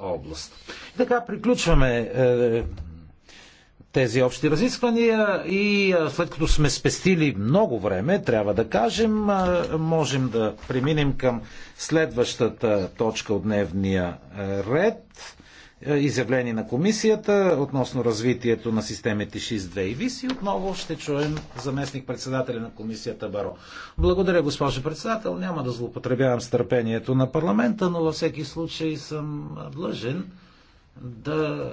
област. И така приключваме е, тези общи разисквания и е, след като сме спестили много време, трябва да кажем, е, можем да преминем към следващата точка от дневния е, ред изявление на комисията относно развитието на системите ШИС-2 и ВИС и отново ще чуем заместник председателя на комисията Баро. Благодаря, госпожо председател. Няма да злоупотребявам с търпението на парламента, но във всеки случай съм длъжен да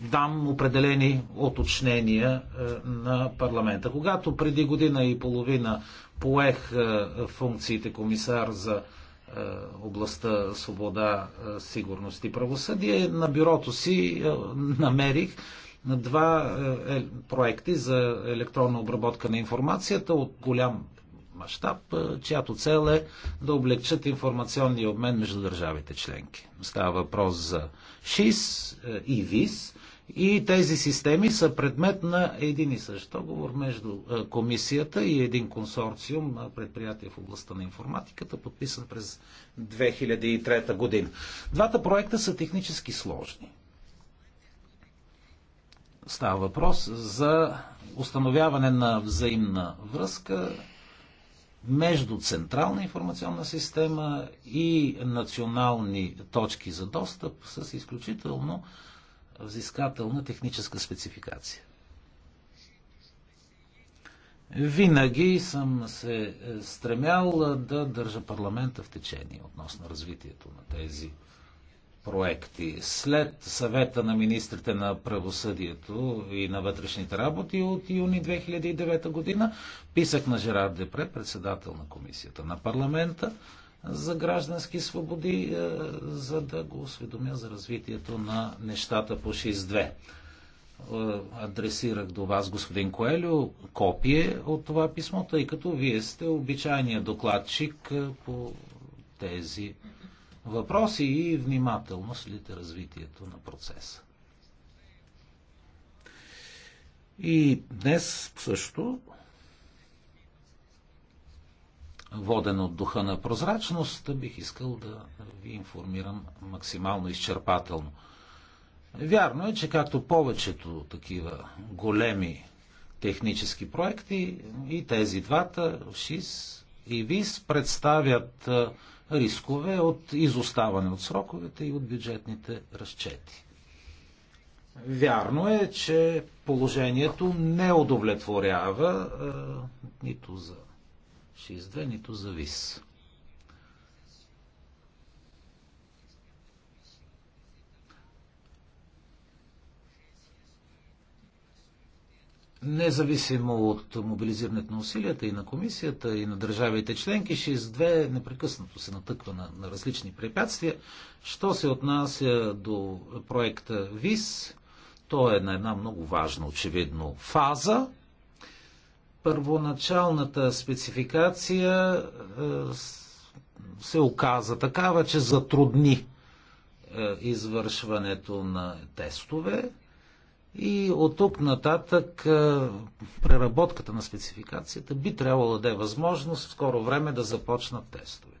дам определени оточнения е, на парламента. Когато преди година и половина поех е, функциите комисар за е, областта свобода, е, сигурност и правосъдие, на бюрото си е, намерих два проекти за електронна обработка на информацията от голям мащаб, чиято цел е да облегчат информационния обмен между държавите членки. Става въпрос за ШИС и ВИС, и тези системи са предмет на един и същ договор между е, комисията и един консорциум на предприятия в областта на информатиката, подписан през 2003 година. Двата проекта са технически сложни. Става въпрос за установяване на взаимна връзка между централна информационна система и национални точки за достъп с изключително взискателна техническа спецификация. Винаги съм се е, стремял да държа парламента в течение относно развитието на тези проекти. След съвета на министрите на правосъдието и на вътрешните работи от юни 2009 година писах на Жерар Депре, председател на комисията на парламента, за граждански свободи, е, за да го осведомя за развитието на нещата по 6.2. Е, адресирах до вас, господин Коелю, копие от това писмо, тъй като вие сте обичайният докладчик е, по тези въпроси и внимателно следите развитието на процеса. И днес също Воден от духа на прозрачност, бих искал да ви информирам максимално изчерпателно. Вярно е, че както повечето такива големи технически проекти, и тези двата, ШИС и ВИС, представят рискове от изоставане от сроковете и от бюджетните разчети. Вярно е, че положението не удовлетворява нито за 62, нито за ВИС. Независимо от мобилизирането на усилията и на комисията, и на държавите членки, 62 непрекъснато се натъква на, на различни препятствия. Що се отнася до проекта ВИС, то е на една много важна, очевидно, фаза – първоначалната спецификация е, се оказа такава, че затрудни е, извършването на тестове и от тук нататък е, преработката на спецификацията би трябвало да е възможност в скоро време да започнат тестовете.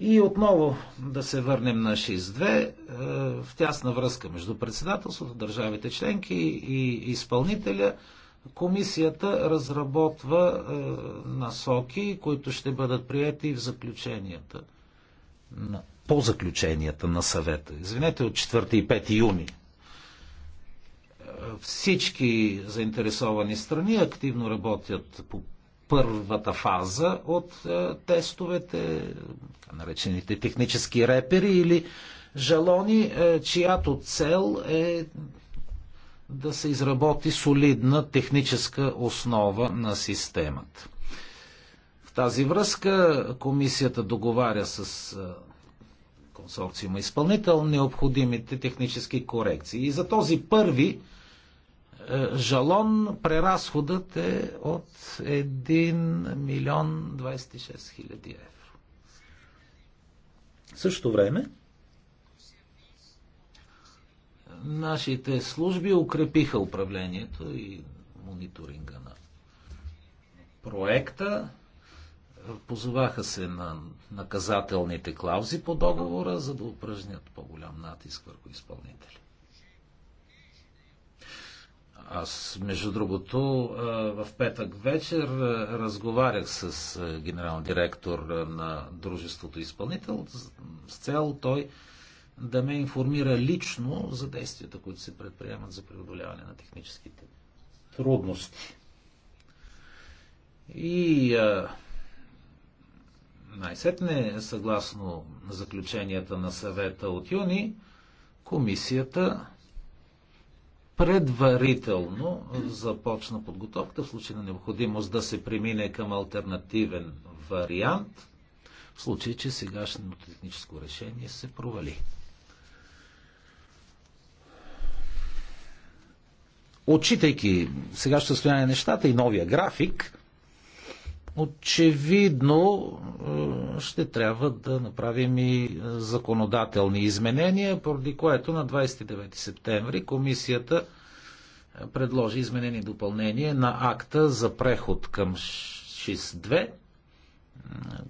И отново да се върнем на 6.2 в тясна връзка между председателството, държавите членки и изпълнителя – Комисията разработва е, насоки, които ще бъдат прияти в заключенията. На, по заключенията на съвета. Извинете, от 4 и 5 юни. Е, всички заинтересовани страни активно работят по първата фаза от е, тестовете, наречените технически репери или жалони, е, чиято цел е да се изработи солидна техническа основа на системата. В тази връзка комисията договаря с консорциума изпълнител необходимите технически корекции. И за този първи жалон преразходът е от 1 милион 26 хиляди евро. В същото време Нашите служби укрепиха управлението и мониторинга на проекта. Позоваха се на наказателните клаузи по договора, за да упражнят по-голям натиск върху изпълнители. Аз, между другото, в петък вечер разговарях с генерал директор на дружеството изпълнител с цел той да ме информира лично за действията, които се предприемат за преодоляване на техническите трудности. И а, най-сетне, съгласно заключенията на съвета от юни, комисията предварително започна подготовка в случай на необходимост да се премине към альтернативен вариант, в случай, че сегашното техническо решение се провали. отчитайки сегашното състояние на нещата и новия график, очевидно е, ще трябва да направим и законодателни изменения, поради което на 29 септември комисията е, предложи изменение и допълнение на акта за преход към 6.2, е,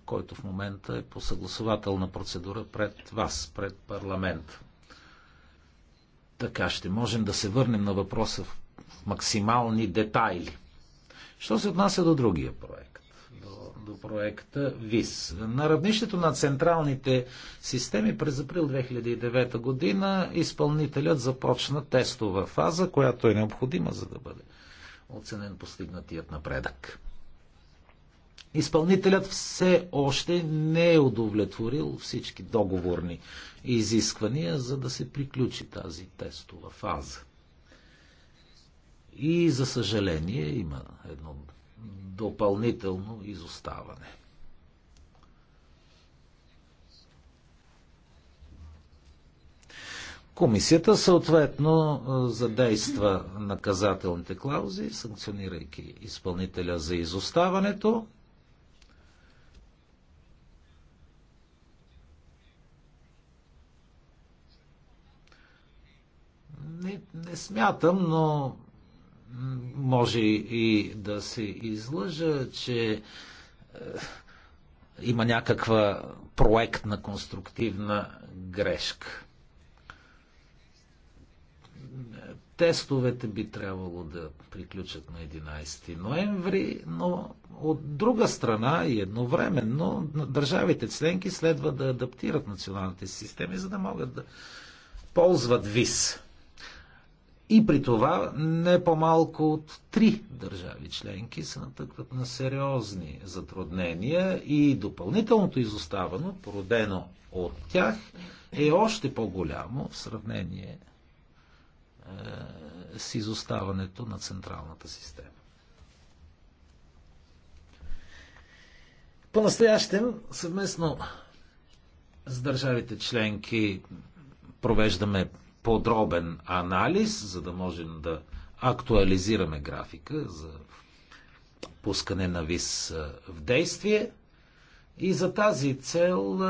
който в момента е по съгласователна процедура пред вас, пред парламент. Така ще можем да се върнем на въпроса в максимални детайли. Що се отнася до другия проект? До, до проекта ВИС. На равнището на централните системи през април 2009 година изпълнителят започна тестова фаза, която е необходима за да бъде оценен постигнатият напредък. Изпълнителят все още не е удовлетворил всички договорни изисквания, за да се приключи тази тестова фаза. И за съжаление има едно допълнително изоставане. Комисията съответно задейства наказателните клаузи, санкционирайки изпълнителя за изоставането. Не, не смятам, но може и да се излъжа, че е, има някаква проектна конструктивна грешка. Тестовете би трябвало да приключат на 11 ноември, но от друга страна и едновременно държавите членки следва да адаптират националните системи, за да могат да ползват ВИС. И при това не по-малко от три държави членки се натъкват на сериозни затруднения и допълнителното изоставано, породено от тях, е още по-голямо в сравнение е, с изоставането на централната система. По-настоящем съвместно с държавите членки провеждаме подробен анализ, за да можем да актуализираме графика за пускане на виз в действие. И за тази цел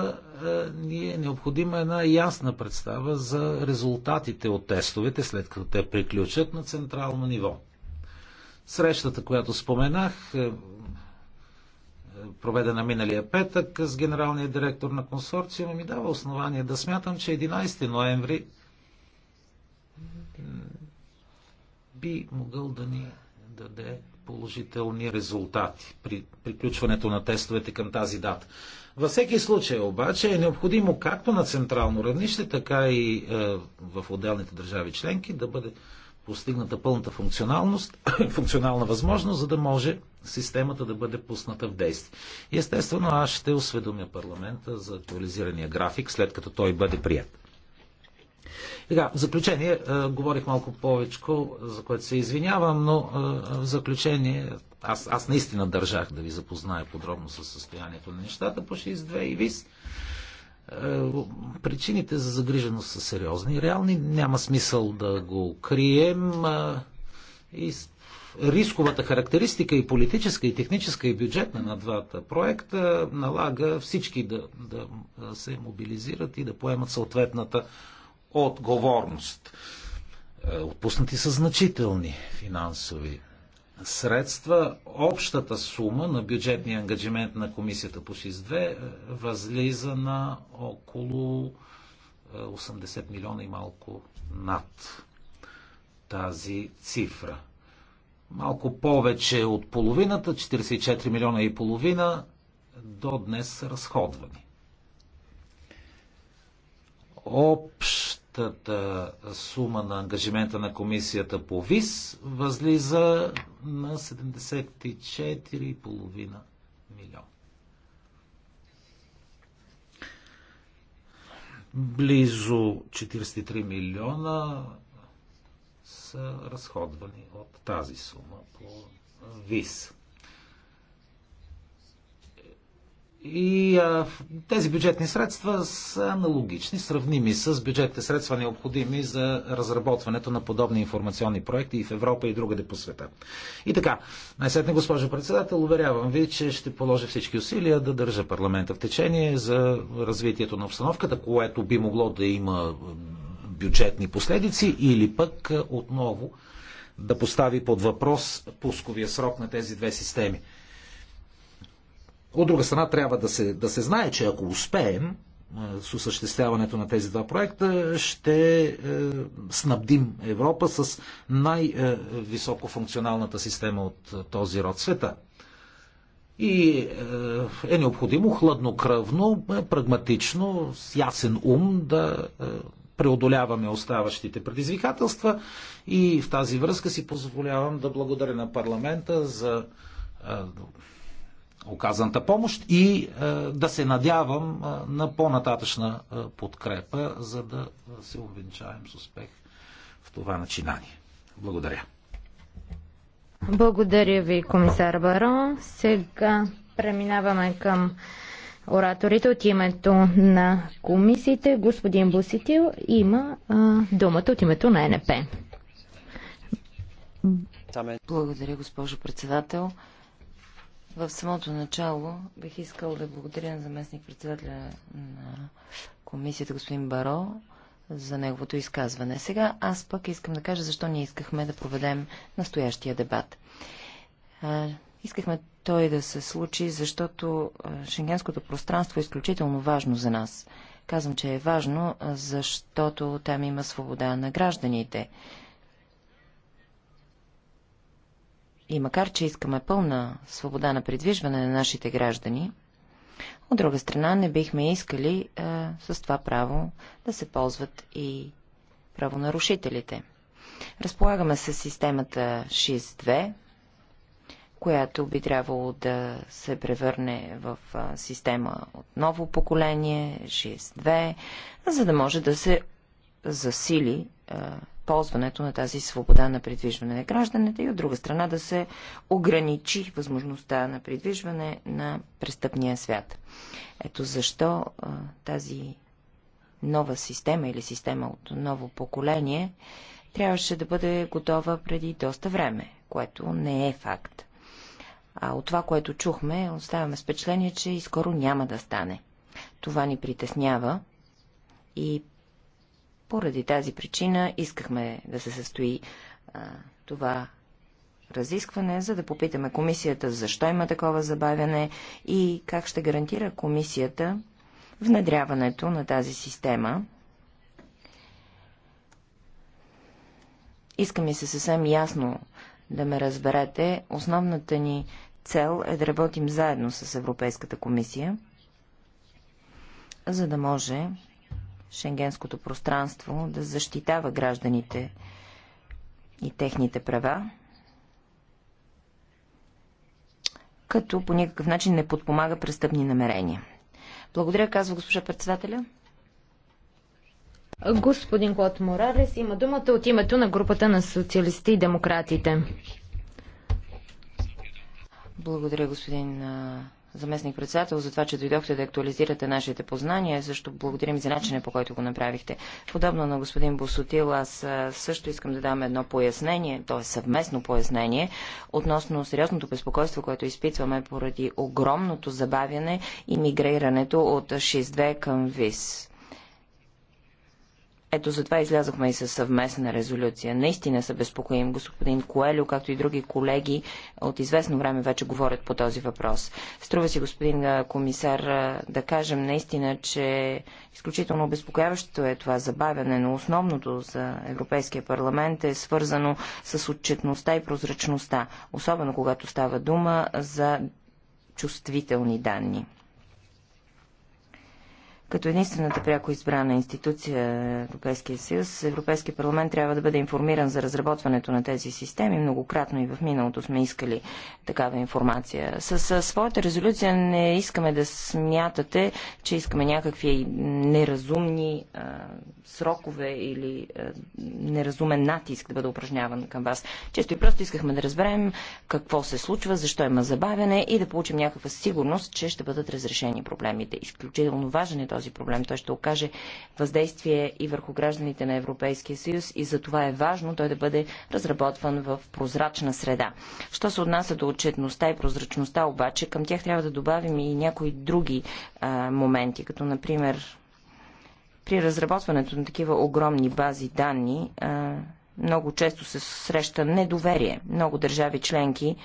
ни е необходима една ясна представа за резултатите от тестовете, след като те приключат на централно ниво. Срещата, която споменах, е, е, проведена миналия петък с генералния директор на консорциума, ми дава основание да смятам, че 11 ноември би могъл да ни даде положителни резултати при приключването на тестовете към тази дата. Във всеки случай обаче е необходимо както на централно равнище, така и е, в отделните държави членки да бъде постигната пълната функционалност, функционална възможност, за да може системата да бъде пусната в действие. Естествено, аз ще осведомя парламента за актуализирания график, след като той бъде прият. Ига, в заключение, говорих малко повече, за което се извинявам, но в заключение, аз, аз наистина държах да ви запозная подробно с състоянието на нещата по 6.2 и ВИС. причините за загриженост са сериозни и реални. Няма смисъл да го крием. И рисковата характеристика и политическа, и техническа, и бюджетна на двата проекта налага всички да, да се мобилизират и да поемат съответната отговорност. Е, отпуснати са значителни финансови средства. Общата сума на бюджетния ангажимент на комисията по ШИС-2 е, възлиза на около 80 е, милиона и малко над тази цифра. Малко повече от половината, 44 милиона и половина, до днес са разходвани. Общ общата сума на ангажимента на комисията по ВИС възлиза на 74,5 милиона. Близо 43 милиона са разходвани от тази сума по ВИС. И а, тези бюджетни средства са аналогични, сравними с бюджетните средства, необходими за разработването на подобни информационни проекти и в Европа и другаде по света. И така, най-сетне, госпожо председател, уверявам ви, че ще положа всички усилия да държа парламента в течение за развитието на обстановката, което би могло да има бюджетни последици или пък отново да постави под въпрос пусковия срок на тези две системи. От друга страна трябва да се, да се знае, че ако успеем е, с осъществяването на тези два проекта, ще е, снабдим Европа с най-високо функционалната система от е, този род света. И е необходимо хладнокръвно, прагматично, с ясен ум да преодоляваме оставащите предизвикателства и в тази връзка си позволявам да благодаря на парламента за оказаната помощ и е, да се надявам е, на по-нататъчна е, подкрепа, за да се увенчаем с успех в това начинание. Благодаря. Благодаря ви, комисар Баро. Сега преминаваме към ораторите от името на комисиите. Господин Буситил има а, думата от името на НП. Благодаря, госпожо председател. В самото начало бих искал да благодаря на заместник председателя на комисията господин Баро за неговото изказване. Сега аз пък искам да кажа защо ние искахме да проведем настоящия дебат. Искахме той да се случи, защото шенгенското пространство е изключително важно за нас. Казвам, че е важно, защото там има свобода на гражданите. И макар, че искаме пълна свобода на придвижване на нашите граждани, от друга страна не бихме искали е, с това право да се ползват и правонарушителите. Разполагаме с системата 6.2, която би трябвало да се превърне в система от ново поколение, 6.2, за да може да се засили е, ползването на тази свобода на придвижване на гражданите и от друга страна да се ограничи възможността на придвижване на престъпния свят. Ето защо а, тази нова система или система от ново поколение трябваше да бъде готова преди доста време, което не е факт. А от това, което чухме, оставяме с впечатление, че и скоро няма да стане. Това ни притеснява и поради тази причина искахме да се състои а, това разискване, за да попитаме комисията защо има такова забавяне и как ще гарантира комисията внедряването на тази система. Искам и се съвсем ясно да ме разберете. Основната ни цел е да работим заедно с Европейската комисия, за да може шенгенското пространство да защитава гражданите и техните права, като по никакъв начин не подпомага престъпни намерения. Благодаря, казва госпожа председателя. Господин Клод Моралес има думата от името на групата на социалисти и демократите. Благодаря, господин заместник-председател, за това, че дойдохте да актуализирате нашите познания. Също благодарим за начина, по който го направихте. Подобно на господин Босотил, аз също искам да дам едно пояснение, т.е. съвместно пояснение, относно сериозното безпокойство, което изпитваме поради огромното забавяне и мигрирането от 6.2 към ВИС. Ето затова излязохме и със съвместна резолюция. Наистина се безпокоим. Господин Коелю, както и други колеги, от известно време вече говорят по този въпрос. Струва си, господин комисар, да кажем наистина, че изключително обезпокояващо е това забавяне, но основното за Европейския парламент е свързано с отчетността и прозрачността, особено когато става дума за чувствителни данни. Като единствената пряко избрана институция Европейския съюз, Европейския парламент трябва да бъде информиран за разработването на тези системи. Многократно и в миналото сме искали такава информация. С своята резолюция не искаме да смятате, че искаме някакви неразумни а, срокове или а, неразумен натиск да бъде упражняван към вас. Често и просто искахме да разберем какво се случва, защо има забавяне и да получим някаква сигурност, че ще бъдат разрешени проблемите. Изключително важен е този този проблем. Той ще окаже въздействие и върху гражданите на Европейския съюз и за това е важно той да бъде разработван в прозрачна среда. Що се отнася до отчетността и прозрачността, обаче към тях трябва да добавим и някои други а, моменти, като например при разработването на такива огромни бази данни. А, много често се среща недоверие. Много държави членки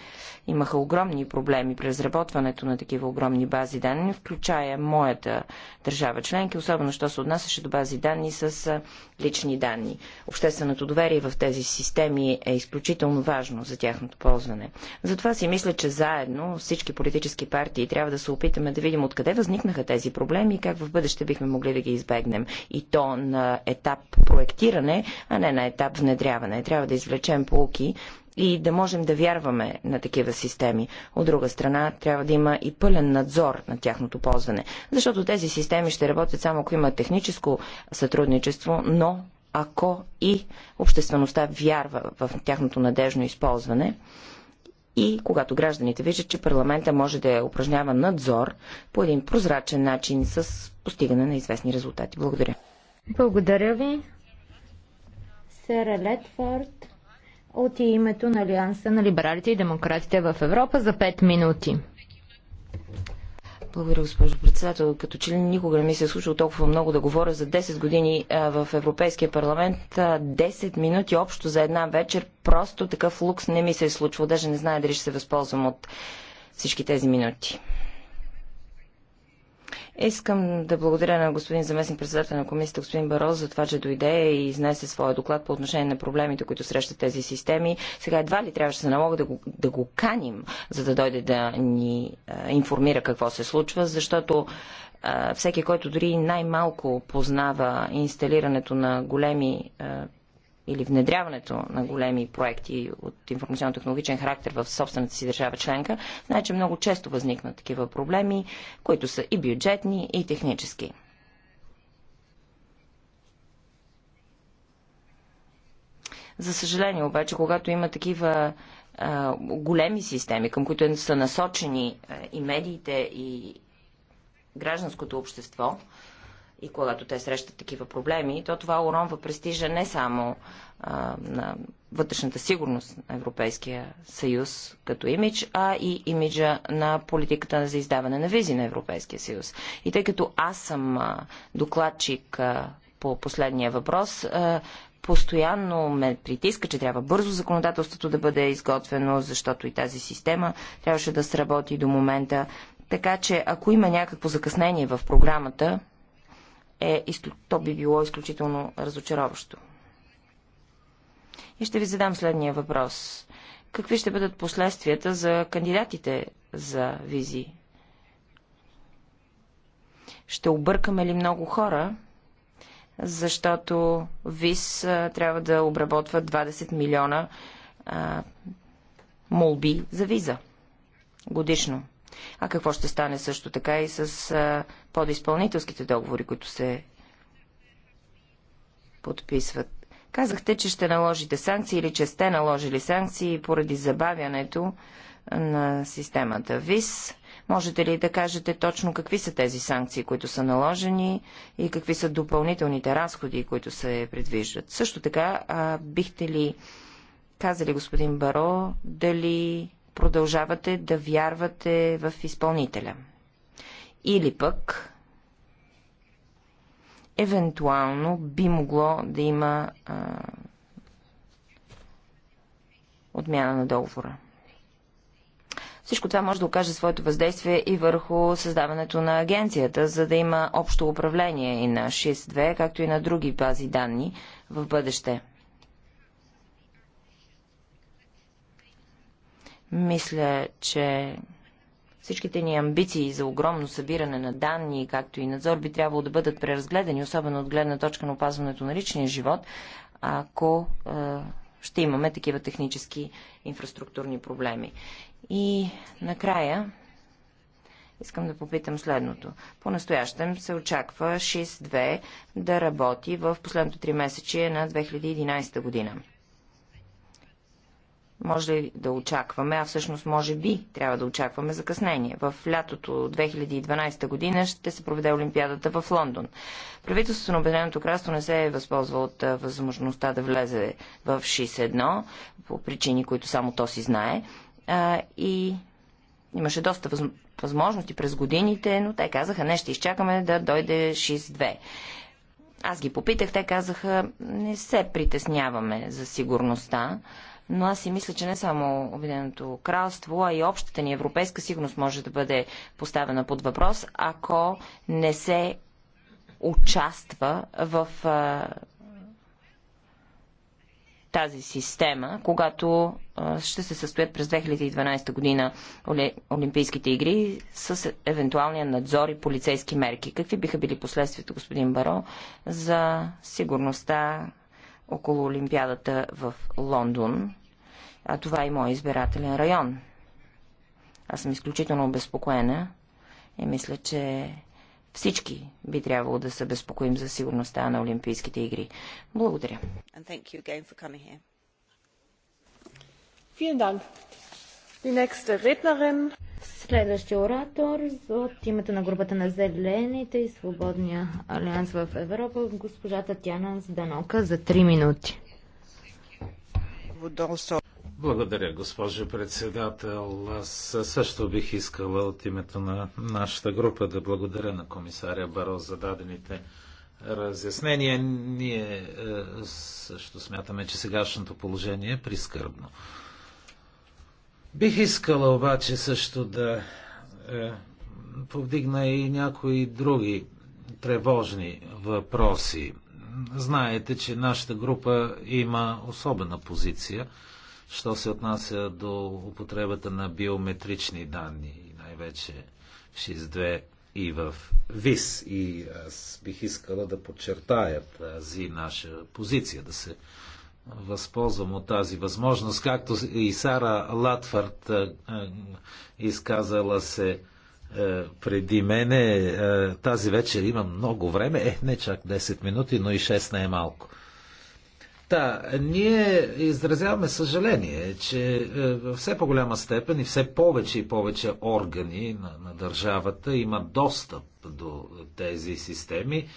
имаха огромни проблеми при разработването на такива огромни бази данни, включая моята държава членки, особено що се отнасяше до бази данни с лични данни. Общественото доверие в тези системи е изключително важно за тяхното ползване. Затова си мисля, че заедно всички политически партии трябва да се опитаме да видим откъде възникнаха тези проблеми и как в бъдеще бихме могли да ги избегнем. И то на етап проектиране, а не на етап внедряване внедряване. Трябва да извлечем полки и да можем да вярваме на такива системи. От друга страна, трябва да има и пълен надзор на тяхното ползване, защото тези системи ще работят само ако има техническо сътрудничество, но ако и обществеността вярва в тяхното надежно използване и когато гражданите виждат, че парламента може да я упражнява надзор по един прозрачен начин с постигане на известни резултати. Благодаря. Благодаря ви. Сера Летфорд от името на Алианса на либералите и демократите в Европа за 5 минути. Благодаря, госпожо председател. Като че ли никога не ми се е случило толкова много да говоря за 10 години в Европейския парламент. 10 минути общо за една вечер. Просто такъв лукс не ми се е случвал. Даже не знае дали ще се възползвам от всички тези минути. Искам да благодаря на господин заместник председател на комисията, господин Бароз, за това, че дойде и изнесе своя доклад по отношение на проблемите, които срещат тези системи. Сега едва ли трябваше да се налага да го, да го каним, за да дойде да ни а, информира какво се случва, защото а, всеки, който дори най-малко познава инсталирането на големи а, или внедряването на големи проекти от информационно-технологичен характер в собствената си държава членка, значи много често възникнат такива проблеми, които са и бюджетни, и технически. За съжаление обаче, когато има такива а, големи системи, към които са насочени а, и медиите, и гражданското общество, и когато те срещат такива проблеми, то това уронва престижа не само а, на вътрешната сигурност на Европейския съюз като имидж, а и имиджа на политиката за издаване на визи на Европейския съюз. И тъй като аз съм а, докладчик а, по последния въпрос, а, постоянно ме притиска, че трябва бързо законодателството да бъде изготвено, защото и тази система трябваше да сработи до момента. Така че, ако има някакво закъснение в програмата, е, то би било изключително разочароващо. И ще ви задам следния въпрос. Какви ще бъдат последствията за кандидатите за визи? Ще объркаме ли много хора, защото ВИЗ трябва да обработва 20 милиона а, молби за виза годишно? А какво ще стане също така и с подиспълнителските договори, които се подписват? Казахте, че ще наложите санкции или че сте наложили санкции поради забавянето на системата ВИС. Можете ли да кажете точно какви са тези санкции, които са наложени и какви са допълнителните разходи, които се предвиждат? Също така, а, бихте ли казали, господин Баро, дали продължавате да вярвате в изпълнителя. Или пък евентуално би могло да има а, отмяна на договора. Всичко това може да окаже своето въздействие и върху създаването на агенцията, за да има общо управление и на 6.2, както и на други бази данни в бъдеще. Мисля, че всичките ни амбиции за огромно събиране на данни, както и надзор, би трябвало да бъдат преразгледани, особено от гледна точка на опазването на личния живот, ако е, ще имаме такива технически инфраструктурни проблеми. И накрая искам да попитам следното. По-настоящем се очаква 6.2 да работи в последното 3 месече на 2011 година може ли да очакваме, а всъщност може би трябва да очакваме закъснение. В лятото 2012 година ще се проведе Олимпиадата в Лондон. Правителството на Обединеното кралство не се е възползва от възможността да влезе в 61 по причини, които само то си знае. И имаше доста възможности през годините, но те казаха, не ще изчакаме да дойде 6-2. Аз ги попитах, те казаха, не се притесняваме за сигурността но аз си мисля, че не само Обединеното кралство, а и общата ни европейска сигурност може да бъде поставена под въпрос, ако не се участва в а, тази система, когато а, ще се състоят през 2012 година Оли, Олимпийските игри с евентуалния надзор и полицейски мерки. Какви биха били последствията, господин Баро, за сигурността около Олимпиадата в Лондон, а това е и мой избирателен район. Аз съм изключително обезпокоена и мисля, че всички би трябвало да се безпокоим за сигурността на Олимпийските игри. Благодаря. Vielen Dank. Die nächste Rednerin Следващия оратор от името на групата на Зелените и Свободния алианс в Европа, госпожа Татьяна Зданока за 3 минути. Благодаря, госпожо председател. Аз също бих искала от името на нашата група да благодаря на комисаря Баро за дадените разяснения. Ние е, също смятаме, че сегашното положение е прискърбно. Бих искала обаче също да е, повдигна и някои други тревожни въпроси. Знаете, че нашата група има особена позиция, що се отнася до употребата на биометрични данни, най-вече в 6.2 и в ВИС. И аз бих искала да подчертая тази наша позиция, да се възползвам от тази възможност, както и Сара Латвард е, е, изказала се е, преди мене. Тази вечер има много време, е, не чак 10 минути, но и 6 не е малко. Та, да, ние изразяваме съжаление, че в все по-голяма степен и все повече и повече органи на, на държавата имат достъп до тези системи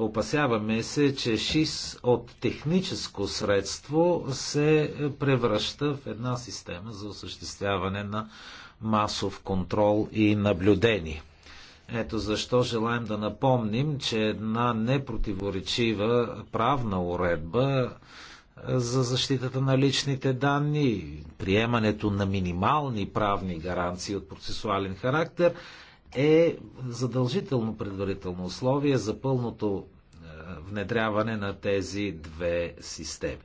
Опасяваме се, че ШИС от техническо средство се превръща в една система за осъществяване на масов контрол и наблюдение. Ето защо желаем да напомним, че една непротиворечива правна уредба за защитата на личните данни, приемането на минимални правни гаранции от процесуален характер е задължително предварително условие за пълното е, внедряване на тези две системи.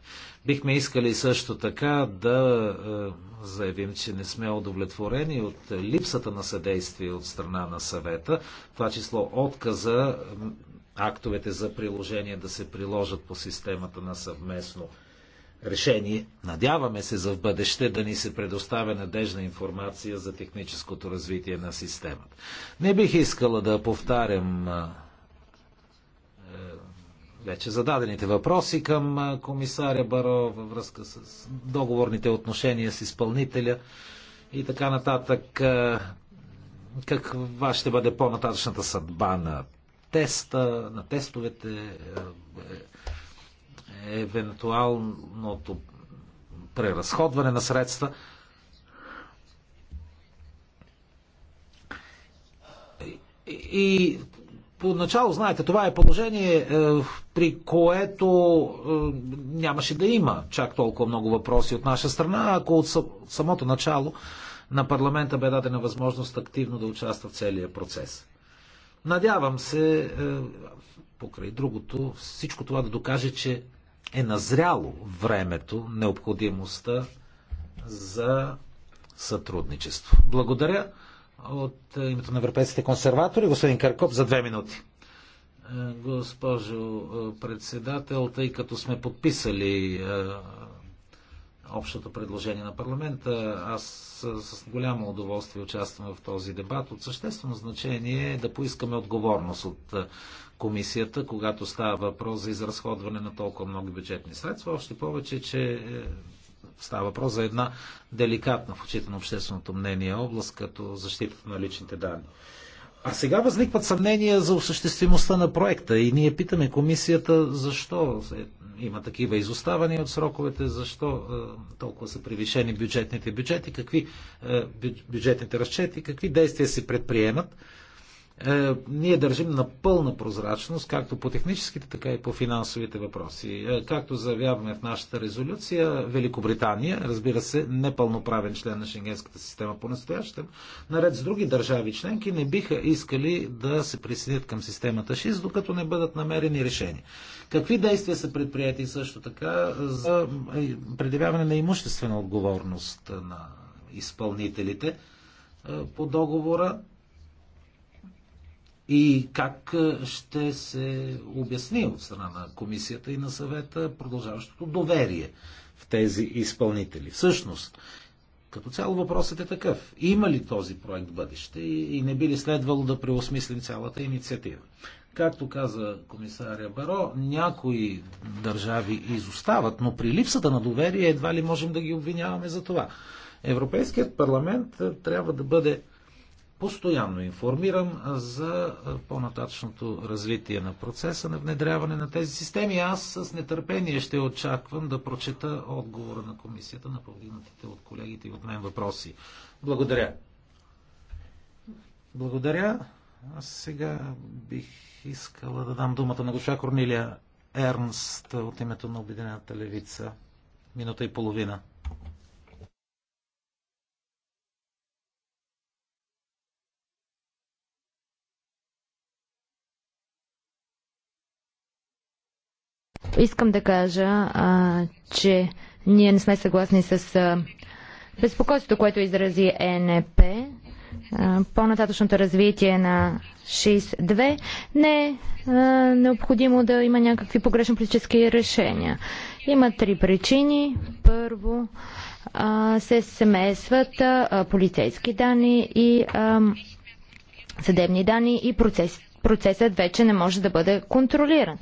Бихме искали също така да е, заявим, че не сме удовлетворени от липсата на съдействие от страна на съвета, това число отказа актовете за приложение да се приложат по системата на съвместно решение. Надяваме се за в бъдеще да ни се предоставя надежна информация за техническото развитие на системата. Не бих искала да повтарям е, вече зададените въпроси към комисаря Баро във връзка с договорните отношения с изпълнителя и така нататък. Каква ще бъде по-нататъчната съдба на теста, на тестовете, е, евентуалното преразходване на средства. И поначало, знаете, това е положение, е, при което е, нямаше да има чак толкова много въпроси от наша страна, ако от самото начало на парламента бе дадена възможност активно да участва в целия процес. Надявам се, е, покрай другото, всичко това да докаже, че е назряло времето, необходимостта за сътрудничество. Благодаря от името на европейските консерватори, господин Каркоп, за две минути. Е, госпожо е, председател, тъй като сме подписали е, общото предложение на парламента. Аз с голямо удоволствие участвам в този дебат. От съществено значение е да поискаме отговорност от е, комисията, когато става въпрос за изразходване на толкова много бюджетни средства. Още повече, че е, става въпрос за една деликатна в очите на общественото мнение област, като защитата на личните данни. А сега възникват съмнения за осъществимостта на проекта и ние питаме комисията защо е, има такива изоставания от сроковете, защо е, толкова са превишени бюджетните бюджети, какви е, бюджетните разчети, какви действия се предприемат. Е, ние държим на пълна прозрачност, както по техническите, така и по финансовите въпроси. Както заявяваме в нашата резолюция, Великобритания, разбира се, непълноправен член на Шенгенската система по-настоящем, наред с други държави членки, не биха искали да се присъединят към системата ШИС, докато не бъдат намерени решения. Какви действия са предприяти също така за е, предявяване на имуществена отговорност на изпълнителите е, по договора и как е, ще се обясни от страна на комисията и на съвета продължаващото доверие в тези изпълнители? Всъщност, като цяло въпросът е такъв. Има ли този проект бъдеще и не би ли следвало да преосмислим цялата инициатива? Както каза комисаря Баро, някои държави изостават, но при липсата на доверие едва ли можем да ги обвиняваме за това. Европейският парламент е, трябва да бъде постоянно информиран е, за е, по-нататъчното развитие на процеса на внедряване на тези системи. Аз с нетърпение ще очаквам да прочета отговора на комисията на повдигнатите от колегите и от мен въпроси. Благодаря. Благодаря. Аз сега бих искала да дам думата на госпожа Корнилия Ернст от името на Обединената левица. Минута и половина. Искам да кажа, а, че ние не сме съгласни с а, безпокойството, което изрази ЕНП по-нататъчното развитие на 6-2 не е необходимо да има някакви погрешни политически решения. Има три причини. Първо, се смесват полицейски данни и съдебни данни и процес, процесът вече не може да бъде контролиран.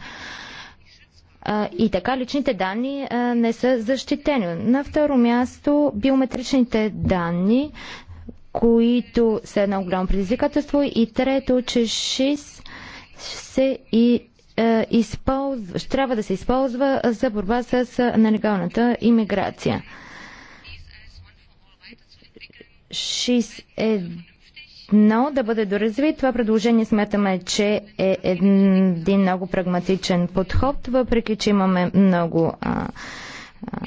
И така личните данни не са защитени. На второ място биометричните данни които са едно голямо предизвикателство. И трето, че ШИС се и е, използва, трябва да се използва за борба с нелегалната иммиграция. ШИС е но да бъде доразвит. Това предложение смятаме, че е един много прагматичен подход, въпреки че имаме много а, а,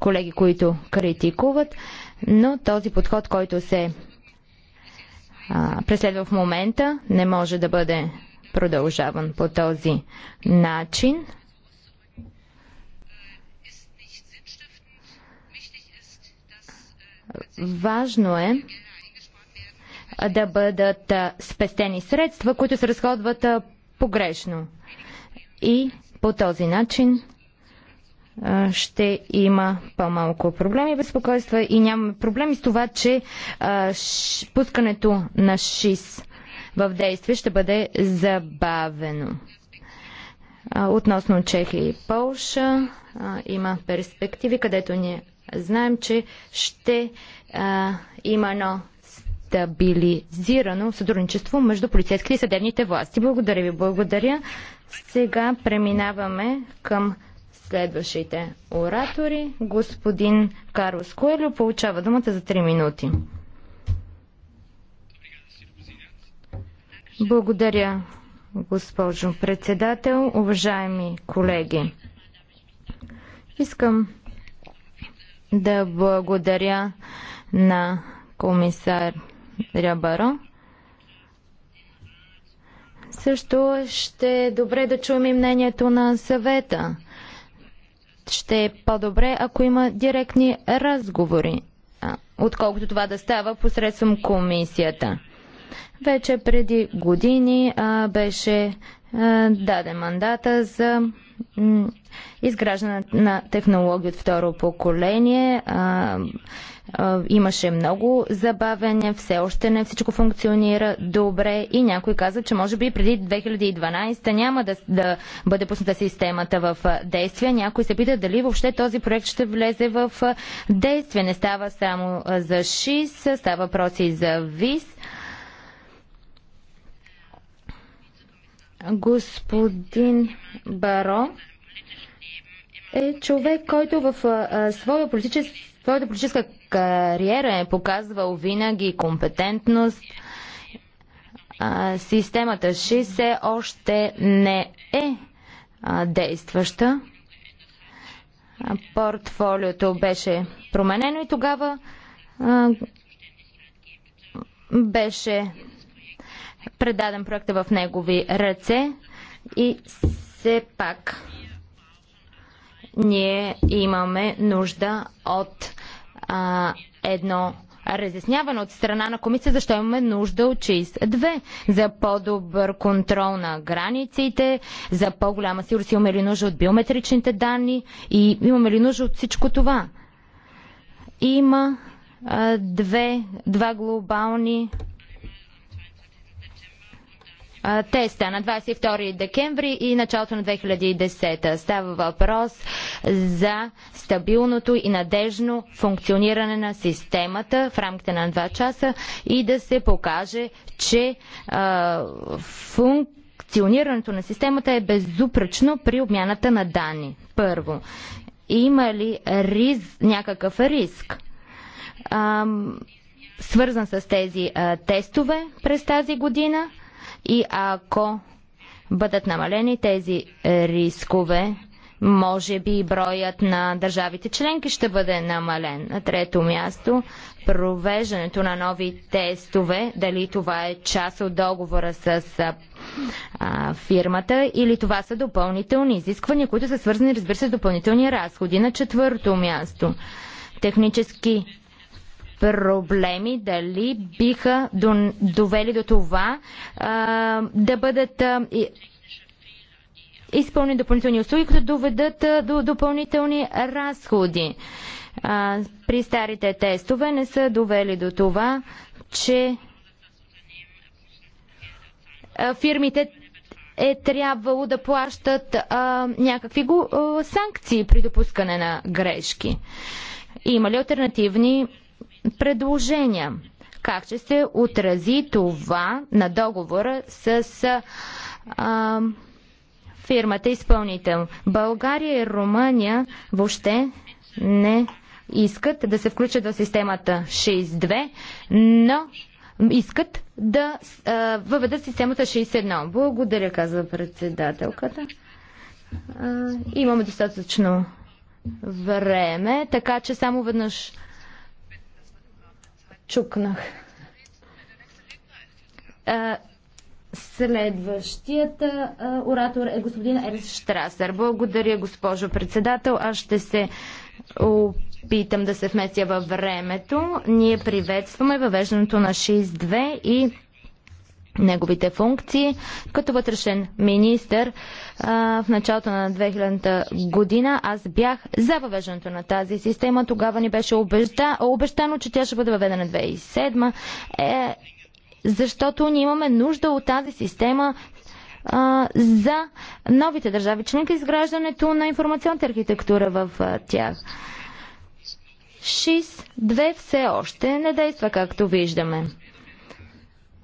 колеги, които критикуват. Но този подход, който се а, преследва в момента, не може да бъде продължаван по този начин. Важно е да бъдат спестени средства, които се разходват погрешно. И по този начин ще има по-малко проблеми и безпокойства и нямаме проблеми с това, че пускането на ШИС в действие ще бъде забавено. относно Чехия и Полша има перспективи, където ние знаем, че ще има едно стабилизирано сътрудничество между полицейските и съдебните власти. Благодаря ви, благодаря. Сега преминаваме към Следващите оратори. Господин Карлос Коелю получава думата за 3 минути. Благодаря, госпожо председател, уважаеми колеги. Искам да благодаря на комисар Рябаро. Също ще е добре да чуем и мнението на съвета ще е по-добре, ако има директни разговори, отколкото това да става посредством комисията. Вече преди години а, беше а, даден мандата за изграждане на технологии от второ поколение. А, а, имаше много забавене, все още не всичко функционира добре и някой каза, че може би преди 2012 няма да, да бъде пусната системата в действие. Някой се пита дали въобще този проект ще влезе в действие. Не става само за ШИС, става въпроси за ВИС Господин Баро е човек, който в своя политическа, своята политическа кариера е показвал винаги компетентност. А, системата ШИ се още не е а, действаща. А, портфолиото беше променено и тогава беше предаден проекта в негови ръце и все пак ние имаме нужда от а, едно разясняване от страна на комисия, защо имаме нужда от ЧИС-2 за по-добър контрол на границите, за по-голяма сигурност имаме ли нужда от биометричните данни и имаме ли нужда от всичко това. Има а, две, два глобални теста на 22 декември и началото на 2010. Става въпрос за стабилното и надежно функциониране на системата в рамките на 2 часа и да се покаже, че функционирането функционирането на системата е безупречно при обмяната на данни. Първо, има ли риз, някакъв риск, ам, свързан с тези а, тестове през тази година? И ако бъдат намалени тези рискове, може би броят на държавите членки ще бъде намален. На трето място, провеждането на нови тестове, дали това е част от договора с а, фирмата или това са допълнителни изисквания, които са свързани, разбира се, с допълнителни разходи. На четвърто място, технически проблеми, дали биха довели до това да бъдат изпълни допълнителни услуги, които доведат до допълнителни разходи. при старите тестове не са довели до това, че фирмите е трябвало да плащат а, някакви го, а, санкции при допускане на грешки. Има ли альтернативни предложения. Как ще се отрази това на договора с а, фирмата изпълнител? България и Румъния въобще не искат да се включат в системата 6.2, но искат да а, въведат системата 61. Благодаря, казва председателката. А, имаме достатъчно време, така че само веднъж чукнах. Следващият оратор е господин Ерс Штрасър. Благодаря, госпожо председател. Аз ще се опитам да се вместя във времето. Ние приветстваме въвеждането на 6.2 и неговите функции. Като вътрешен министр в началото на 2000 година аз бях за въвеждането на тази система. Тогава ни беше обеща, обещано, че тя ще бъде въведена 2007. Е, защото ние имаме нужда от тази система а, за новите държави членки изграждането на информационната архитектура в а, тях. ШИС-2 все още не действа, както виждаме.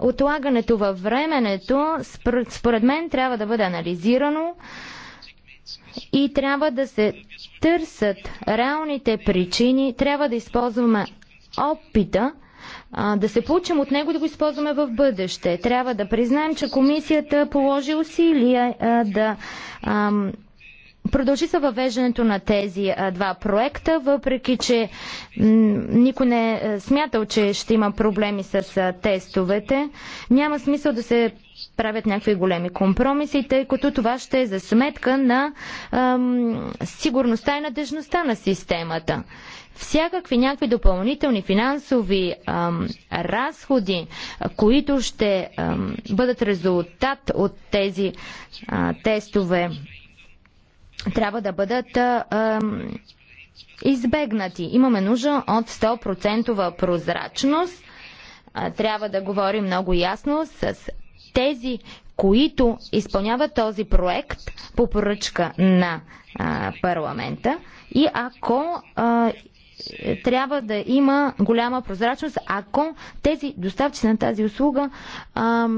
Отлагането във временето, според мен, трябва да бъде анализирано и трябва да се търсят реалните причини, трябва да използваме опита, да се получим от него да го използваме в бъдеще. Трябва да признаем, че комисията положи усилия да продължи се въвеждането на тези а, два проекта, въпреки че никой не е, е смятал, че ще има проблеми с а, тестовете. Няма смисъл да се правят някакви големи компромиси, тъй като това ще е за сметка на ам, сигурността и надежността на системата. Всякакви някакви допълнителни финансови ам, разходи, които ще ам, бъдат резултат от тези а, тестове трябва да бъдат а, избегнати. Имаме нужда от 100% прозрачност. А, трябва да говорим много ясно с тези, които изпълняват този проект по поръчка на а, парламента. И ако а, трябва да има голяма прозрачност, ако тези доставчици на тази услуга а,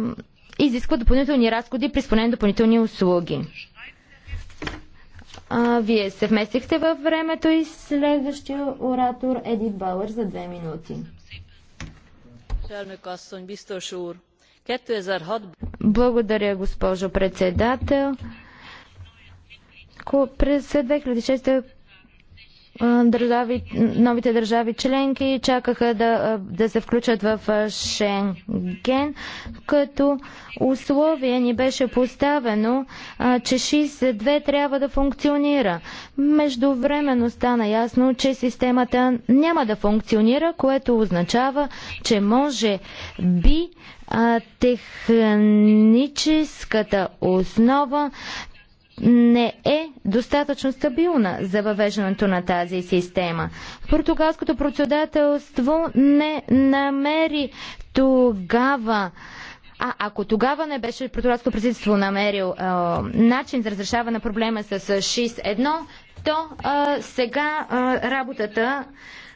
изискват допълнителни разходи при изпълнение допълнителни услуги. А, вие се вместихте във времето и следващия оратор Еди Бауър за две минути. Благодаря, госпожо председател. През 2006 държави, новите държави членки чакаха да, да се включат в Шенген, като условие ни беше поставено, че ШИС-2 трябва да функционира. Междувременно стана ясно, че системата няма да функционира, което означава, че може би техническата основа не е достатъчно стабилна за въвеждането на тази система. Португалското председателство не намери тогава а ако тогава не беше португалското председателство намерил е, начин за разрешаване на проблема с 6.1, то е, сега е, работата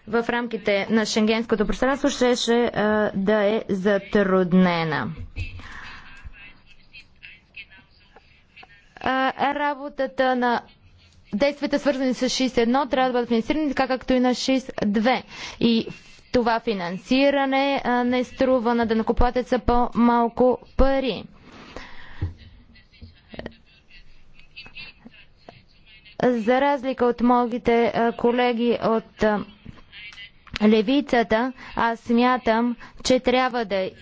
в рамките на шенгенското пространство щеше е, да е затруднена. работата на действията свързани с 6.1 трябва да бъдат финансирани така както и на 6.2. И това финансиране не струва на денокоплатеца по-малко пари. За разлика от моите колеги от левицата, аз смятам, че трябва да. Е,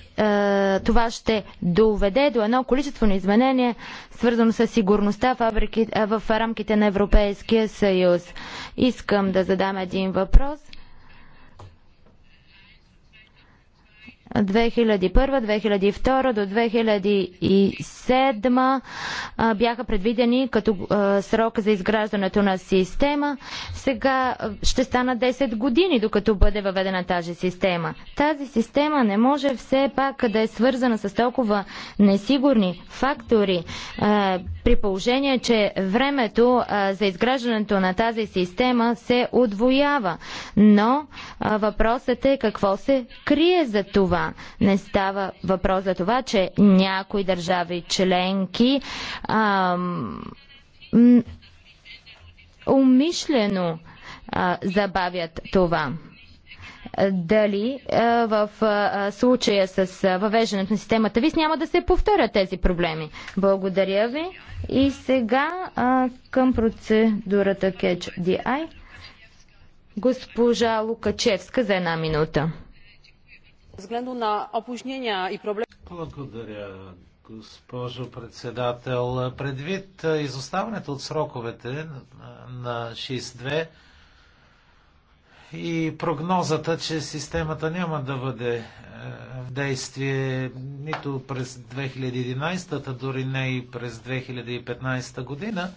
това ще доведе до едно количество на изменение, свързано с сигурността в, Африки, в рамките на Европейския съюз. Искам да задам един въпрос. 2001-2002 до 2007 бяха предвидени като срок за изграждането на система. Сега ще стана 10 години, докато бъде въведена тази система. Тази система не може все пак да е свързана с толкова несигурни фактори, при положение, че времето за изграждането на тази система се отвоява. Но въпросът е какво се крие за това това. Не става въпрос за това, че някои държави членки умишлено забавят това дали в случая с въвеждането на системата ВИС няма да се повторят тези проблеми. Благодаря ви. И сега към процедурата Catch DI. Госпожа Лукачевска за една минута. Благодаря, госпожо председател. Предвид изоставането от сроковете на 6.2 и прогнозата, че системата няма да бъде е, в действие нито през 2011, та дори не и през 2015 година,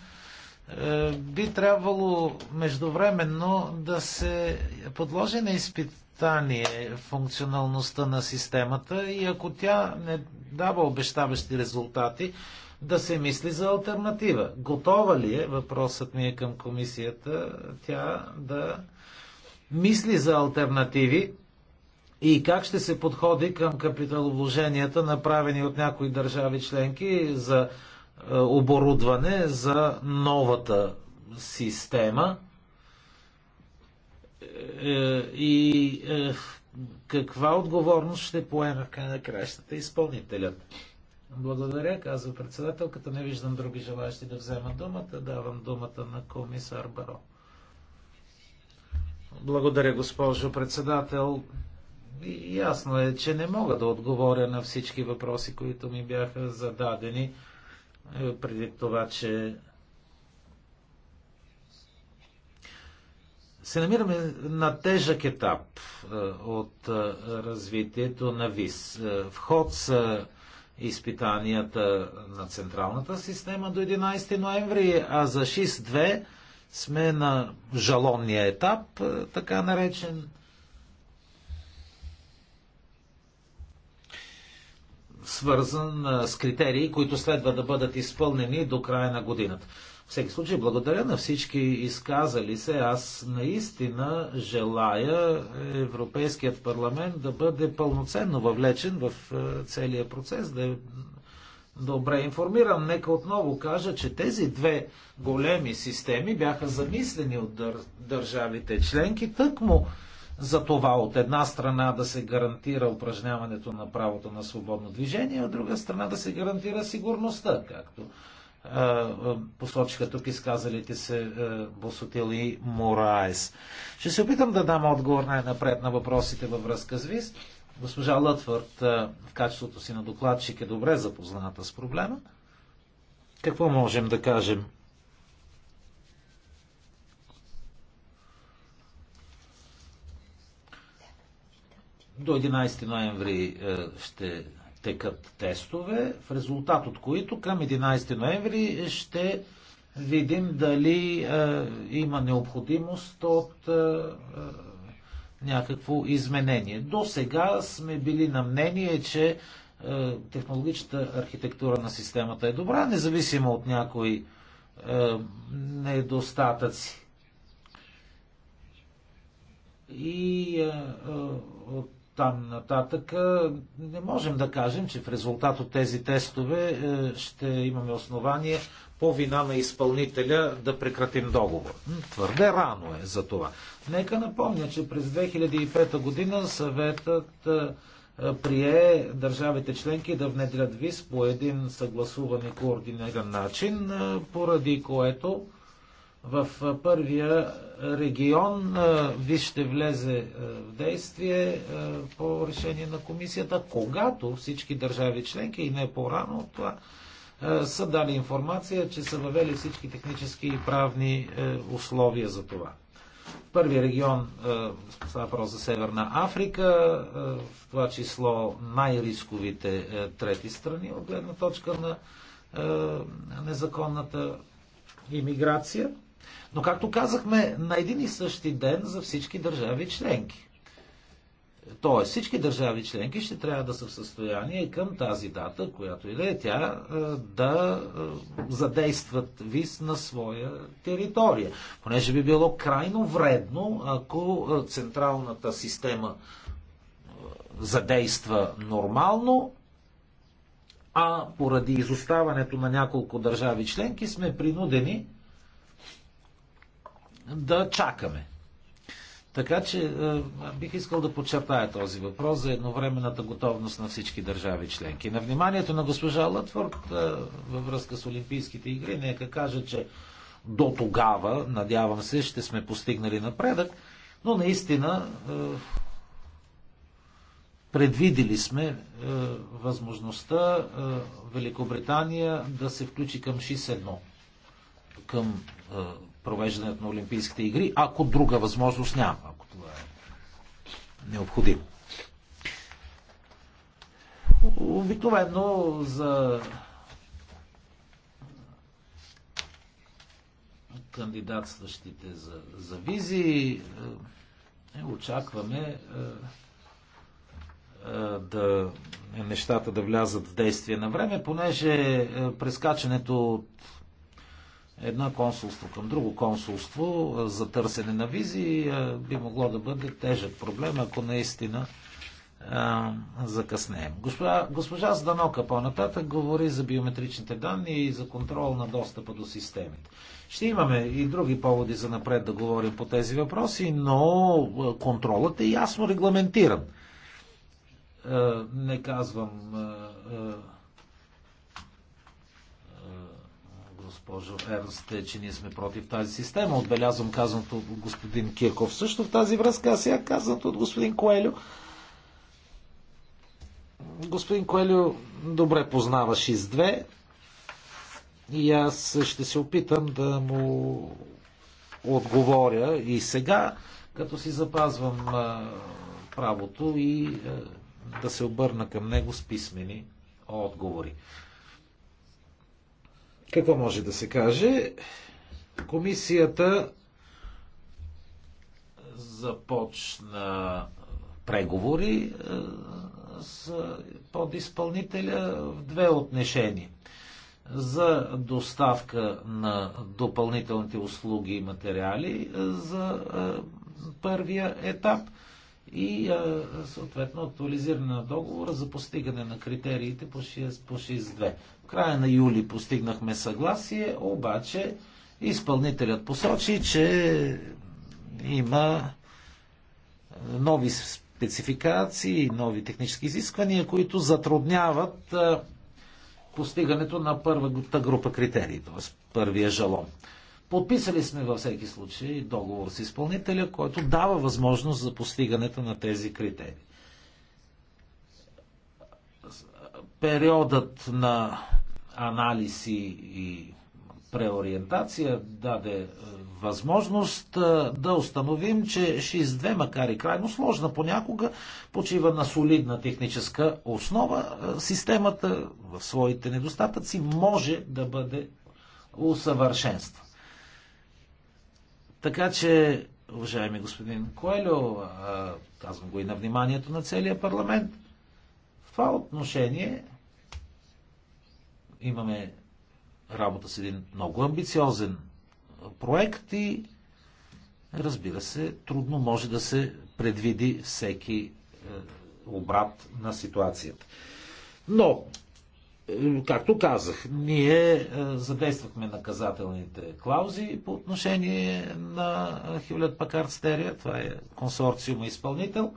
е, би трябвало междувременно да се подложи на изпитание функционалността на системата и ако тя не дава обещаващи резултати, да се мисли за альтернатива. Готова ли е, въпросът ми е към комисията, тя да мисли за альтернативи и как ще се подходи към капиталовложенията, направени от някои държави членки за е, оборудване за новата система е, и е, каква отговорност ще поеме в края на краищата изпълнителят. Благодаря, казва председателката. Не виждам други желащи да взема думата. Давам думата на комисар Баро. Благодаря, госпожо председател. Ясно е, че не мога да отговоря на всички въпроси, които ми бяха зададени. Е, преди това, че се намираме на тежък етап е, от е, развитието на ВИС. Вход са изпитанията на централната система до 11 ноември, а за 6-2 сме на жалонния етап, така наречен свързан с критерии, които следва да бъдат изпълнени до края на годината. В всеки случай, благодаря на всички изказали се. Аз наистина желая Европейският парламент да бъде пълноценно въвлечен в целия процес, да е добре информиран. Нека отново кажа, че тези две големи системи бяха замислени от държавите членки, тъкмо му за това от една страна да се гарантира упражняването на правото на свободно движение, а от друга страна да се гарантира сигурността, както е, посочиха тук изказалите се е, Босотил и Мораес. Ще се опитам да дам отговор най-напред на въпросите във връзка с ВИС. Госпожа Лътвърт е, в качеството си на докладчик е добре запозната с проблема. Какво можем да кажем? До 11 ноември е, ще текат тестове, в резултат от които към 11 ноември ще видим дали е, има необходимост от е, някакво изменение. До сега сме били на мнение, че технологичната архитектура на системата е добра, независимо от някои недостатъци. И от там нататък не можем да кажем, че в резултат от тези тестове е, ще имаме основание по вина на изпълнителя да прекратим договор. Твърде рано е за това. Нека напомня, че през 2005 година съветът е, прие държавите членки да внедрят ВИС по един съгласуван и координиран начин, е, поради което в първия регион виж ще влезе в действие по решение на комисията, когато всички държави членки и не по-рано от това са дали информация, че са въвели всички технически и правни условия за това. Първи регион става въпрос за Северна Африка, в това число най-рисковите трети страни от гледна точка на незаконната иммиграция. Но, както казахме, на един и същи ден за всички държави членки. Тоест, всички държави членки ще трябва да са в състояние към тази дата, която и да е тя, да задействат виз на своя територия. Понеже би било крайно вредно, ако централната система задейства нормално, а поради изоставането на няколко държави членки сме принудени да чакаме. Така че е, бих искал да подчертая този въпрос за едновременната готовност на всички държави членки. На вниманието на госпожа Лътворд е, във връзка с Олимпийските игри, нека кажа, че до тогава, надявам се, ще сме постигнали напредък, но наистина е, предвидили сме възможността Великобритания да се включи към 61 към провеждането на Олимпийските игри, ако друга възможност няма, ако това е необходимо. Обикновено за кандидатстващите за, за визи е, е очакваме е, е, да нещата да влязат в действие на време, понеже е, прескачането от едно консулство към друго консулство за търсене на визи би могло да бъде тежък проблем, ако наистина а, закъснеем. Госпожа, госпожа Зданока по-нататък говори за биометричните данни и за контрол на достъпа до системите. Ще имаме и други поводи за напред да говорим по тези въпроси, но контролът е ясно регламентиран. Не казвам госпожо Ернст, е, че ние сме против тази система. Отбелязвам казаното от господин Кирков. Също в тази връзка, а сега казаното от господин Коелю. Господин Коелю добре познаваш из две и аз ще се опитам да му отговоря и сега, като си запазвам правото и да се обърна към него с писмени отговори. Какво може да се каже? Комисията започна преговори е, с подизпълнителя в две отношения За доставка на допълнителните услуги и материали е, за е, първия етап – и съответно актуализиране на договора за постигане на критериите по 6, по 6.2. В края на юли постигнахме съгласие, обаче изпълнителят посочи, че има нови спецификации, нови технически изисквания, които затрудняват постигането на първата група критерии, т.е. първия жалон. Подписали сме във всеки случай договор с изпълнителя, който дава възможност за постигането на тези критерии. Периодът на анализи и преориентация даде е, възможност е, да установим, че 6-2, макар и крайно сложна понякога, почива на солидна техническа основа. Е, системата в своите недостатъци може да бъде усъвършенства. Така че, уважаеми господин Коелю, казвам го и на вниманието на целия парламент, в това отношение имаме работа с един много амбициозен проект и разбира се, трудно може да се предвиди всеки е, обрат на ситуацията. Но както казах, ние е, задействахме наказателните клаузи по отношение на Хюлет Пакард Стерия, това е консорциума изпълнител.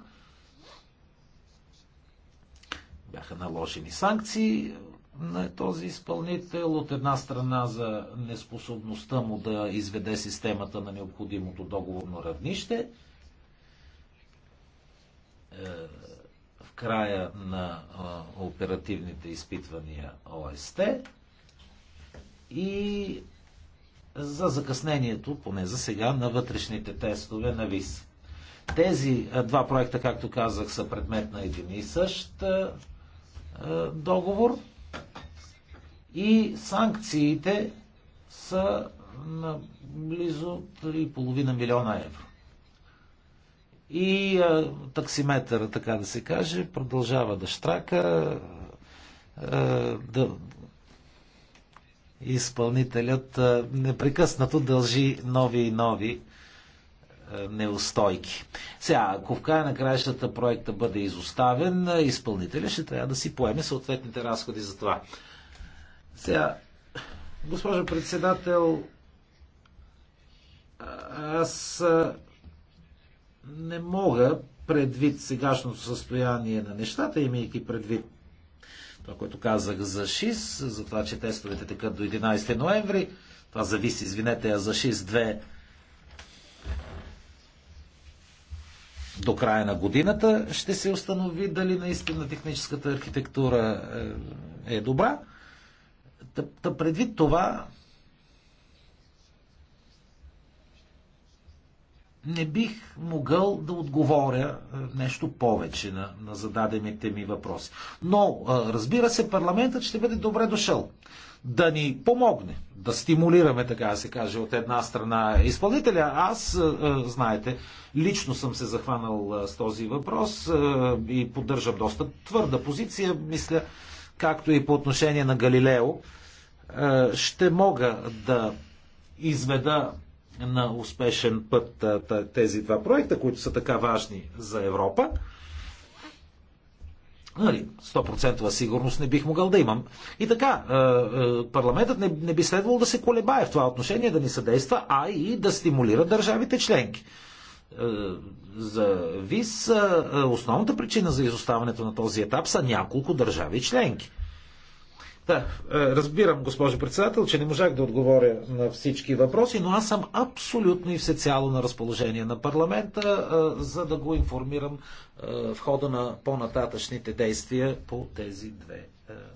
Бяха наложени санкции на този изпълнител от една страна за неспособността му да изведе системата на необходимото договорно равнище е, края на оперативните изпитвания ОСТ и за закъснението, поне за сега, на вътрешните тестове на ВИС. Тези два проекта, както казах, са предмет на един и същ договор и санкциите са на близо 3,5 милиона евро. И а, таксиметъра, така да се каже, продължава да штрака, а, да изпълнителят а, непрекъснато дължи нови и нови неустойки. Сега, ако в края на краищата проекта бъде изоставен, изпълнителя ще трябва да си поеме съответните разходи за това. Сега, госпожо председател, аз не мога предвид сегашното състояние на нещата, имайки предвид това, което казах за ШИС, за това, че тестовете текат до 11 ноември, това зависи, извинете, а за ШИС 2 до края на годината ще се установи дали наистина техническата архитектура е, е добра. Та, предвид това, не бих могъл да отговоря е, нещо повече на, на зададените ми въпроси. Но, е, разбира се, парламентът ще бъде добре дошъл да ни помогне, да стимулираме, така да се каже, от една страна изпълнителя. Аз, е, знаете, лично съм се захванал с този въпрос и поддържам доста твърда позиция, мисля, както и по отношение на Галилео. Ще мога да изведа на успешен път тези два проекта, които са така важни за Европа. Нали, 100% сигурност не бих могъл да имам. И така, парламентът не, не би следвало да се колебае в това отношение, да ни съдейства, а и да стимулира държавите членки. За ВИС основната причина за изоставането на този етап са няколко държави членки. Да, е, разбирам, госпожо председател, че не можах да отговоря на всички въпроси, но аз съм абсолютно и всецяло на разположение на парламента, е, за да го информирам е, в хода на по-нататъчните действия по тези две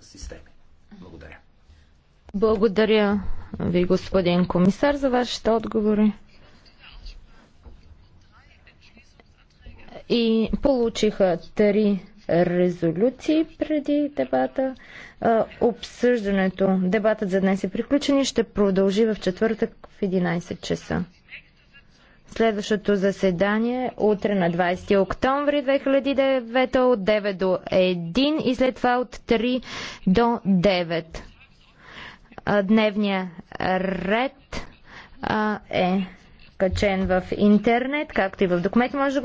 системи. Благодаря. Благодаря ви, господин комисар, за вашите отговори. И получиха три резолюции преди дебата. Обсъждането, дебатът за днес е приключен и ще продължи в четвъртък в 11 часа. Следващото заседание е утре на 20 октомври 2009 от 9 до 1 и след това от 3 до 9. Дневният ред е качен в интернет, както и в документи може да